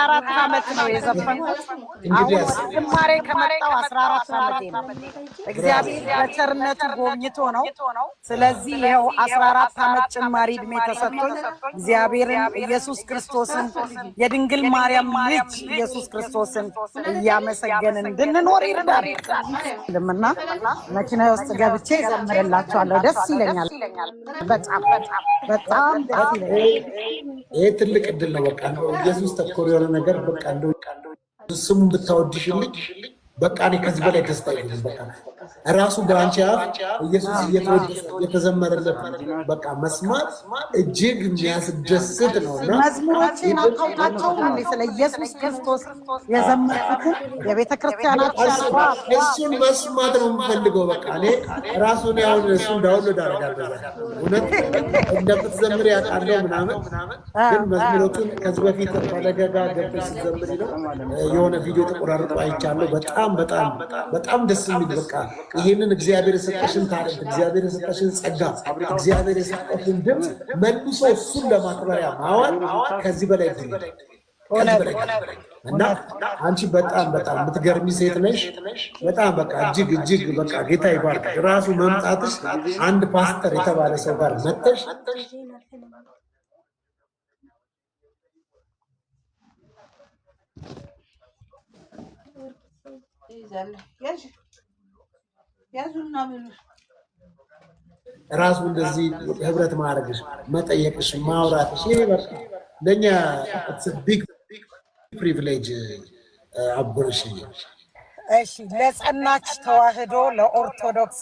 አራት ዓመት ነው የዘፈንኩት። አሁን ዝማሬ ከመጣሁ አስራ አራት ዓመቴ ነው። እግዚአብሔር በቸርነቱ ጎብኝቶ ነው። ስለዚህ ይኸው አስራ አራት ዓመት ጭማሪ እድሜ ተሰጥቶኝ እግዚአብሔርን ኢየሱስ ክርስቶስን የድንግል ማርያም ልጅ ኢየሱስ ክርስቶስን እያመሰገን እንድንኖር ይርዳል። ልምና መኪና ውስጥ ገብቼ ዘምርላቸዋለሁ። ደስ ይለኛል። በጣም በጣም ደስ ትልቅ እድል ነው በቃ ኢየሱስ ተኮር የሆነ ነገር በቃ እንደው ስሙ ብታወድሽልኝ በቃ እኔ ከዚህ በላይ ደስታ በቃ ራሱ በአንቺ አፍ ኢየሱስ እየተዘመረለት በቃ መስማት እጅግ የሚያስደስት ነው። እና መዝሙሮችን አታውቃቸው ስለ ኢየሱስ ክርስቶስ የዘመርኩትን የቤተ ክርስቲያናችን እሱን መስማት ነው የምፈልገው። በቃ እኔ ራሱን ያሁን እሱን ዳውንሎድ አደርጋለሁ። እውነት እንደምትዘምር ያውቃለሁ ምናምን፣ ግን መዝሙሮቹን ከዚህ በፊት ፈለገጋ ገብ ስትዘምር ነው የሆነ ቪዲዮ ተቆራርጦ አይቻለሁ። በጣም በጣም በጣም ደስ የሚል በቃ ይህንን እግዚአብሔር የሰጠሽን ታሪክ፣ እግዚአብሔር የሰጠሽን ጸጋ፣ እግዚአብሔር የሰጠሽን ድምፅ መልሶ እሱን ለማክበሪያ ማዋል ከዚህ በላይ ድል እና አንቺ በጣም በጣም የምትገርሚ ሴት ነሽ። በጣም በቃ እጅግ እጅግ በቃ ጌታ ይባርክ። ራሱ መምጣትሽ አንድ ፓስተር የተባለ ሰው ጋር መተሽ ያዙና ብሉ። ራሱ እንደዚህ ህብረት ማድረግሽ፣ መጠየቅሽ፣ ማውራትሽ ይሄ በቃ ለእኛ ቢግ ፕሪቪሌጅ አጎሽ። እሺ ለጸናች ተዋህዶ ለኦርቶዶክስ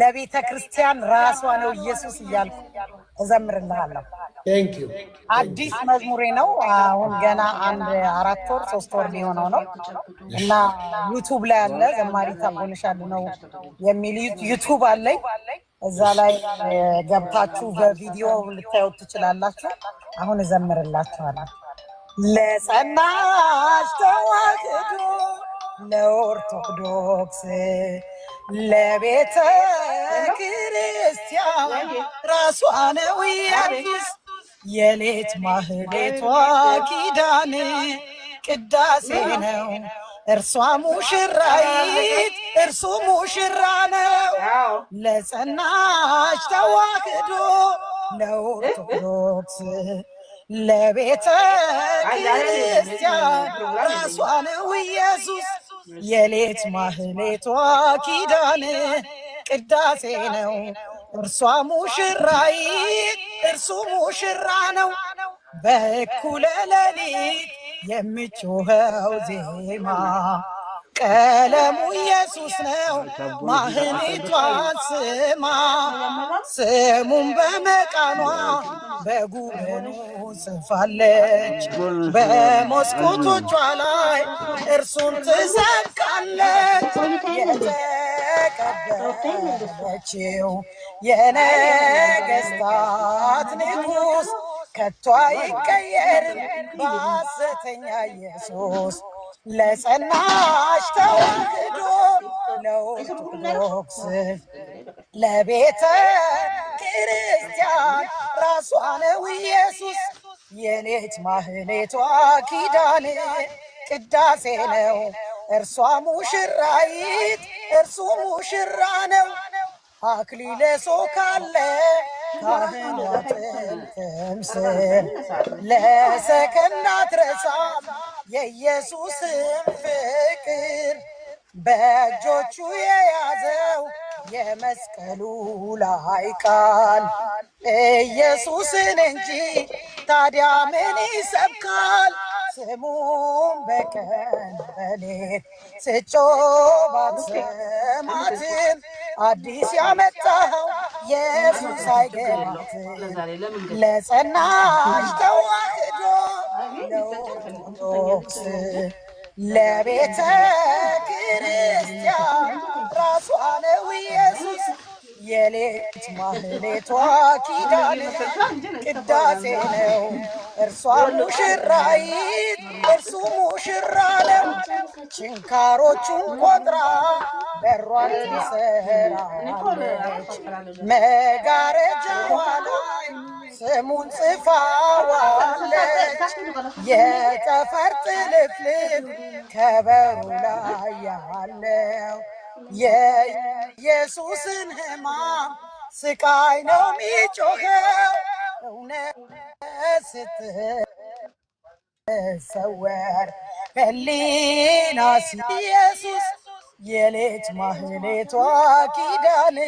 ለቤተ ክርስቲያን ራሷ ነው ኢየሱስ እያልኩ እዘምርልሃለሁ። አዲስ መዝሙሬ ነው። አሁን ገና አንድ አራት ወር ሶስት ወር ሊሆነው ነው እና ዩቱብ ላይ አለ ዘማሪ ታቦነሽ ነው የሚል ዩቱብ አለኝ። እዛ ላይ ገብታችሁ በቪዲዮ ልታዩት ትችላላችሁ። አሁን እዘምርላችኋለሁ። ለጸናች ተዋህዶ ለኦርቶዶክስ ለቤተ ክርስቲያን ራሷ ነው ኢየሱስ የሌት ማህሌቷ ኪዳን ቅዳሴ ነው። እርሷ ሙሽራይት እርሱ ሙሽራ ነው። ለጸናች ተዋህዶ ለኦርቶዶክስ ለቤተ ክርስቲያን ራሷ ነው ኢየሱስ። የሌት ማህሌቷ ኪዳን ቅዳሴ ነው። እርሷ ሙሽራይት እርሱ ሙሽራ ነው በእኩለ ሌሊት የሚጮኸው ዜማ ቀለሙ ኢየሱስ ነው ማህሌቷን ስማ ስሙን በመቃኗ በጉበኑ ጽፋለች በመስኮቶቿ ላይ እርሱን ትዘቃለች። ተቀበለችው የነገስታት ንጉሥ ከቷ ይቀየርም በሐሰተኛ ኢየሱስ ለጸናሽ ተዋህዶ ለኦርቶዶክስ ለቤተ ክርስቲያን ራሷ ነው ኢየሱስ የኔት ማህሌቷ ኪዳን ቅዳሴ ነው እርሷ ሙሽራይት እርሱ ሙሽራ ነው። አክሊለ ሰው ካለ ካህናትን ትምስል ለሰከንድ አትረሳም የኢየሱስም ፍቅር በእጆቹ የያዘው የመስቀሉ ላይ ቃል ኢየሱስን እንጂ ታዲያ ምን ይሰብካል? ስሙም በቀን በሌት ስጮህ ባትሰማትም አዲስ ያመጣኸው ኢየሱስ አይገባትም ለጸናሽ ተዋህዶ ለኦርቶዶክስ ለቤተ ክርስቲያን ራሷ ነው ኢየሱስ የሌት ማህሌቷ ኪዳን ቅዳሴ ነው እርሷ ሙሽራይት እርሱ ሙሽራ ነው። ችንካሮቹን ቆጥራ በሯን ትሰራለች። መጋረጃዋ ላይ ስሙን ጽፋዋለች። የጠፈር ጥልፍልፍ ከበሩ ላይ ያለው የኢየሱስን ሕማም ስቃይ ነው ሚጮኸው እውነት ስትሰወር ህሊናስ ኢየሱስ የሌት ማህሌቷ ኪዳን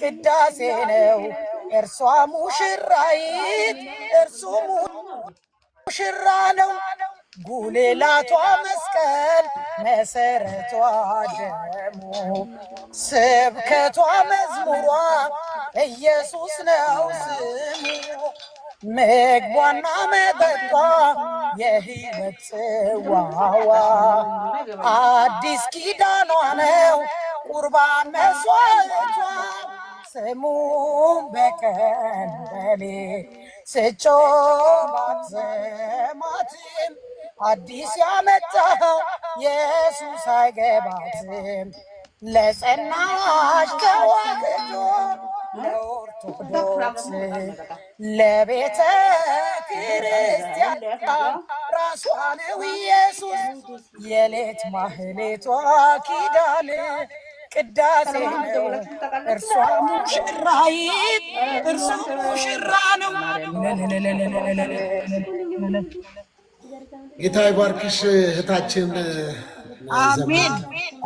ቅዳሴ ነው። እርሷ ሙሽራይት እርሱ ሙሽራ ነው። ጉልላቷ መስቀል መሰረቷ ደሙ ስብከቷ መዝሙሯ ኢየሱስ ነው ስሙ ምግቧና መጠጧ የህይወት ጽዋዋ አዲስ ኪዳኗ ነው ቁርባን መስዋዕቷ ስሙ በቀን በሌት ስጮህ አትሰማትም አዲስ ያመጣኸው ኢየሱስ አይገባትም ለጸናሽ ተዋህዶ ለኦርቶዶክስ ለቤተ ክርስቲያን ራሷ ነው ኢየሱስ የሌት ማህሌቷ ኪዳን ቅዳሴ እርሷ ሙሽራይት እርሱ ሙሽራ ነው። ጌታ ይባርክሽ እህታችን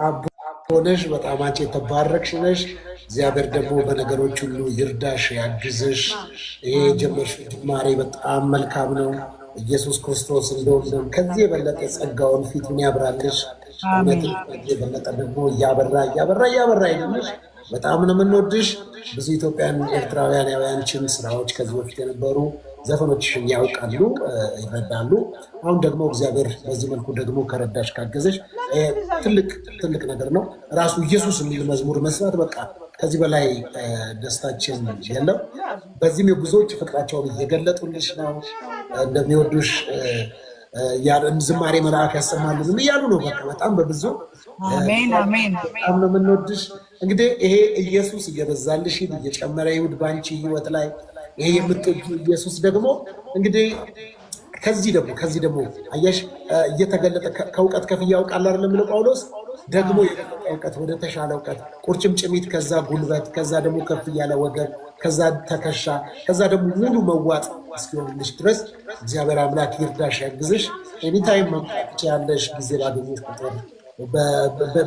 አቦነሽ፣ በጣም አንቺ የተባረክሽ ነሽ። እግዚአብሔር ደግሞ በነገሮች ሁሉ ይርዳሽ፣ ያግዝሽ። ይሄ የጀመርሽው ጅማሬ በጣም መልካም ነው። ኢየሱስ ክርስቶስ እንደወንድም ከዚህ የበለጠ ጸጋውን ፊቱን ያብራልሽ። እውነትን ከዚህ የበለጠ ደግሞ እያበራ እያበራ እያበራ ይልሽ። በጣም ነው የምንወድሽ። ብዙ ኢትዮጵያን ኤርትራውያን ያውያንችን ስራዎች ከዚህ በፊት የነበሩ ዘፈኖችሽን ያውቃሉ፣ ይረዳሉ። አሁን ደግሞ እግዚአብሔር በዚህ መልኩ ደግሞ ከረዳሽ ካገዘሽ ትልቅ ትልቅ ነገር ነው። ራሱ ኢየሱስ የሚል መዝሙር መስራት በቃ ከዚህ በላይ ደስታችን የለም። በዚህም የጉዞዎች ፍቅራቸውን እየገለጡልሽ ነው እንደሚወዱሽ ዝማሬ መልአክ ያሰማልን እያሉ ነው። በቃ በጣም በብዙ በጣም ነው የምንወድሽ። እንግዲህ ይሄ ኢየሱስ እየበዛልሽ እየጨመረ ይሁድ ባንቺ ህይወት ላይ ይሄ የምትወዱ ኢየሱስ ደግሞ እንግዲህ ከዚህ ደግሞ ከዚህ ደግሞ አየሽ እየተገለጠ ከእውቀት ከፍያ ያውቃል አይደለም የሚለው ጳውሎስ ደግሞ የደረቀ እውቀት ወደ ተሻለ እውቀት ቁርጭምጭሚት፣ ከዛ ጉልበት፣ ከዛ ደግሞ ከፍ እያለ ወገብ፣ ከዛ ተከሻ፣ ከዛ ደግሞ ሙሉ መዋጥ እስኪሆንልሽ ድረስ እግዚአብሔር አምላክ ይርዳሽ፣ ያግዝሽ። ኤኒታይም መምጣት ያለሽ ጊዜ ባገኘሽ ቁጥር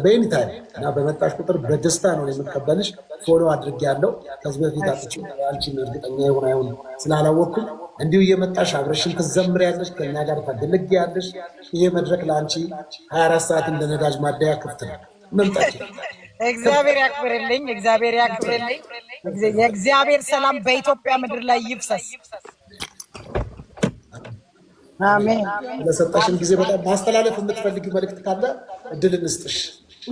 በኤኒታይም እና በመጣሽ ቁጥር በደስታ ነው የምቀበልሽ። ፎሎ ያለው ከዚህ በፊት አጥቼ አንቺን እርግጠኛ የሆን አይሆን ስላላወቅኩም እንዲሁ እየመጣሽ አብረሽን ትዘምር ያለሽ ከኛ ጋር ያለሽ ይሄ መድረክ ለአንቺ 24 ሰዓት እንደ ነዳጅ ማደያ ክፍት ነው። መምጣት እግዚአብሔር ያክብርልኝ፣ እግዚአብሔር ያክብርልኝ። የእግዚአብሔር ሰላም በኢትዮጵያ ምድር ላይ ይፍሰስ። አሜን። ለሰጣሽን ጊዜ በጣም ማስተላለፍ የምትፈልግ መልእክት ካለ እድል እንስጥሽ።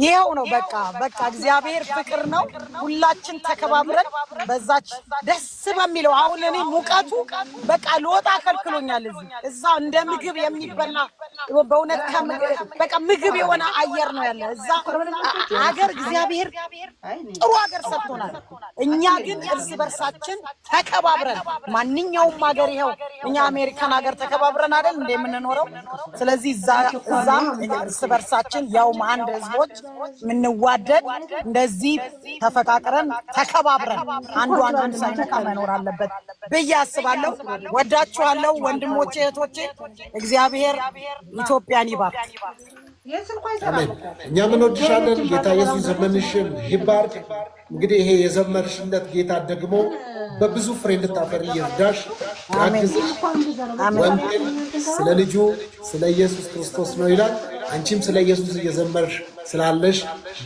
ይኸው ነው በቃ በቃ እግዚአብሔር ፍቅር ነው። ሁላችን ተከባብረን በዛች ደስ በሚለው አሁን እኔ ሙቀቱ በቃ ልወጣ ከልክሎኛል። እዚህ እዛ እንደ ምግብ የሚበላ በእውነት በቃ ምግብ የሆነ አየር ነው ያለ እዛ አገር። እግዚአብሔር ጥሩ አገር ሰጥቶናል። እኛ ግን እርስ በርሳችን ተከባብረን ማንኛውም አገር ይኸው እኛ አሜሪካን ሀገር ተከባብረን አይደል እንደምንኖረው። ስለዚህ እዛም እርስ በርሳችን ያው አንድ ህዝቦች የምንዋደድ እንደዚህ ተፈቃቅረን ተከባብረን አንዱ አንዱን ሳይነካ መኖር አለበት ብዬ አስባለሁ። ወዳችኋለሁ ወንድሞቼ እህቶቼ። እግዚአብሔር ኢትዮጵያን ይባርክ። እኛ ምን ወድሻለን። ጌታ ኢየሱስ ዘመንሽን ይባርክ። እንግዲህ ይሄ የዘመንሽነት ጌታ ደግሞ በብዙ ፍሬ እንድታፈር ይርዳሽ፣ ያግዝሽ። ስለ ልጁ ስለ ኢየሱስ ክርስቶስ ነው ይላል። አንቺም ስለ ኢየሱስ እየዘመርሽ ስላለሽ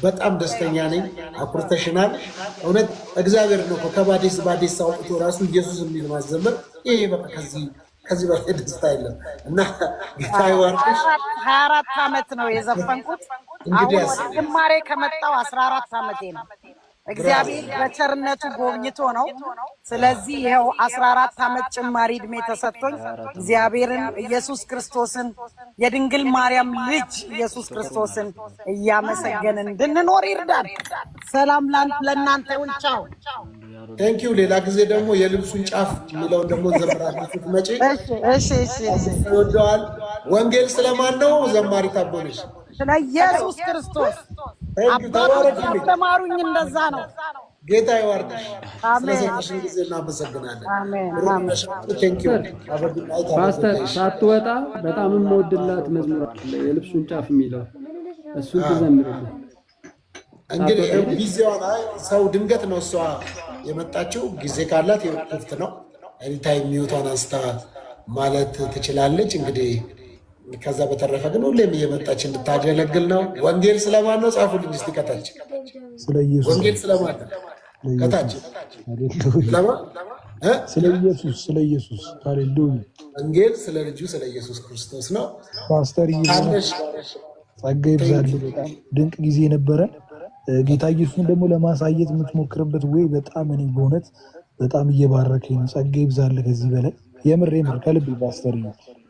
በጣም ደስተኛ ነኝ። አኩርተሽናል። እውነት እግዚአብሔር ነው ከባዴስ ባዴስ አውጥቶ ራሱ ኢየሱስ የሚል ማዘመር ይሄ በቃ ከዚህ ከዚህ በላይ ደስታ የለም እና ጌታ ይዋርቅሽ። ሀያ አራት ዓመት ነው የዘፈንኩት። አሁን ጅማሬ ከመጣው አስራ አራት ዓመቴ ነው። እግዚአብሔር በቸርነቱ ጎብኝቶ ነው። ስለዚህ ይኸው አስራ አራት ዓመት ጭማሪ እድሜ ተሰጥቶኝ እግዚአብሔርን ኢየሱስ ክርስቶስን የድንግል ማርያም ልጅ ኢየሱስ ክርስቶስን እያመሰገንን እንድንኖር ይርዳል። ሰላም ለእናንተ ይሁን። ቻው ሌላ ጊዜ ደግሞ የልብሱን ጫፍ የሚለውን ደግሞ ዘምራለሁ። መጪ ወንጌል ስለማን ነው? ዘማሪ ታቦነች ስለ ኢየሱስ ክርስቶስ አባቶች እንደዛ ነው። ጌታ ይዋርዳሽ። ሳትወጣ በጣም የምወድላት መዝሙር አለ የልብሱን ጫፍ የሚለው እሱን ትዘምርልን እንግዲህ ሰው ድንገት ነው እሷ የመጣችው። ጊዜ ካላት ክፍት ነው። ሚውቷን አንስታ ማለት ትችላለች እንግዲህ ከዛ በተረፈ ግን ሁሌም እየመጣች እንድታገለግል ነው። ወንጌል ስለማን ነው? ጻፉልኝ እስኪ ከታች ወንጌል ስለማን ነው? ከታች ስለ ኢየሱስ ስለ ኢየሱስ ሃሌሉያ። ወንጌል ስለ ልጁ ስለ ኢየሱስ ክርስቶስ ነው። ፓስተር ጸጋ ይብዛል። በጣም ድንቅ ጊዜ ነበረ። ጌታ ኢየሱስን ደግሞ ለማሳየት የምትሞክርበት ወይ በጣም እኔ በእውነት በጣም እየባረከኝ ነው። ጸጋ ይብዛል ከዚህ በላይ የምር የምር ከልቤ ፓስተር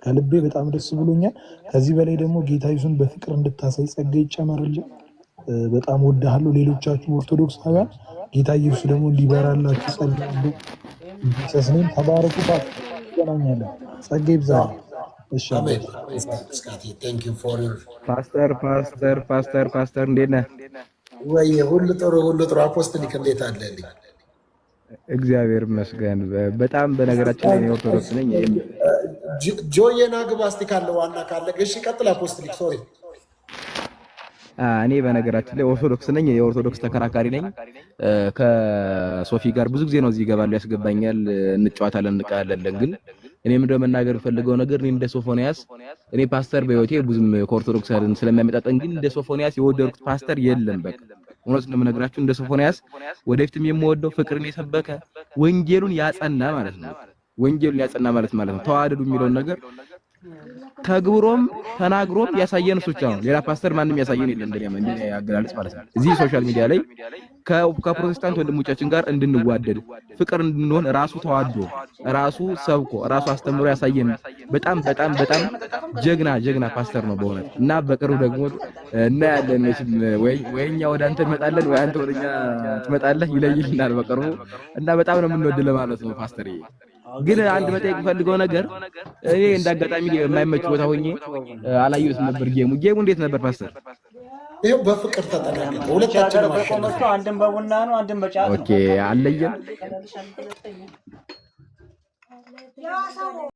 ከልቤ በጣም ደስ ብሎኛል። ከዚህ በላይ ደግሞ ጌታ ይሱን በፍቅር እንድታሳይ ጸጋ ይጨመርልን። በጣም ወዳሃለሁ። ሌሎቻችሁ ኦርቶዶክሳውያን ጌታ ኢየሱስ ደግሞ እንዲበራላችሁ ጸልያለሁ። ሰስኔም ተባረኩ። ባት ይገናኛለን። ጸጋ ይብዛ። ፓስተር ፓስተር ፓስተር ፓስተር እንዴት ነህ? ወይ ሁሉ ጥሩ፣ ሁሉ ጥሩ። አፖስትሊክ እንዴት አለልኝ? እግዚአብሔር ይመስገን። በጣም በነገራችን ላይ ኦርቶዶክስ ነኝ። ጆየና ግባስቲ ካለ ዋና ካለ እሺ፣ ቀጥል አፖስትሊክ። ሶሪ እኔ በነገራችን ላይ ኦርቶዶክስ ነኝ፣ የኦርቶዶክስ ተከራካሪ ነኝ። ከሶፊ ጋር ብዙ ጊዜ ነው እዚህ ይገባሉ፣ ያስገባኛል፣ እንጫወታለን፣ እንቃያለን። ግን እኔ ምንድን መናገር የምፈልገው ነገር እኔ እንደ ሶፎንያስ እኔ ፓስተር በህይወቴ ብዙም ከኦርቶዶክስ ስለሚያመጣጠን ግን እንደ ሶፎንያስ የወደድኩት ፓስተር የለም በቃ እውነት እንደምነግራችሁ እንደ ሶፎንያስ ወደፊትም የምወደው ፍቅርን የሰበከ ወንጌሉን ያጸና ማለት ነው። ወንጌሉን ያጸና ማለት ማለት ነው። ተዋደዱ የሚለውን ነገር ተግብሮም ተናግሮም ያሳየን እሱ ብቻ ነው። ሌላ ፓስተር ማንም ያሳየን የለም እንደኛ አገላለጽ ማለት ነው። እዚህ ሶሻል ሚዲያ ላይ ከፕሮቴስታንት ወንድሞቻችን ጋር እንድንዋደድ ፍቅር እንድንሆን ራሱ ተዋዶ ራሱ ሰብኮ ራሱ አስተምሮ ያሳየን በጣም በጣም በጣም ጀግና ጀግና ፓስተር ነው በእውነት እና በቅርብ ደግሞ እናያለን። መቼም ወይ እኛ ወደ አንተ እንመጣለን ወይ አንተ ወደ እኛ ትመጣለህ፣ ይለይልናል በቅርቡ እና በጣም ነው የምንወድ ለማለት ነው ፓስተር ግን አንድ መጠየቅ የምፈልገው ነገር እኔ እንዳጋጣሚ የማይመች ቦታ ሆኜ አላየሁትም ነበር። ጌሙ ጌሙ እንዴት ነበር ፓስተር? ይሄው በፍቅር ተጠናቀቀ። ሁለታችን ማሸነፍ አንድም በቡና ነው፣ አንድን በጫት ነው። ኦኬ አለየን።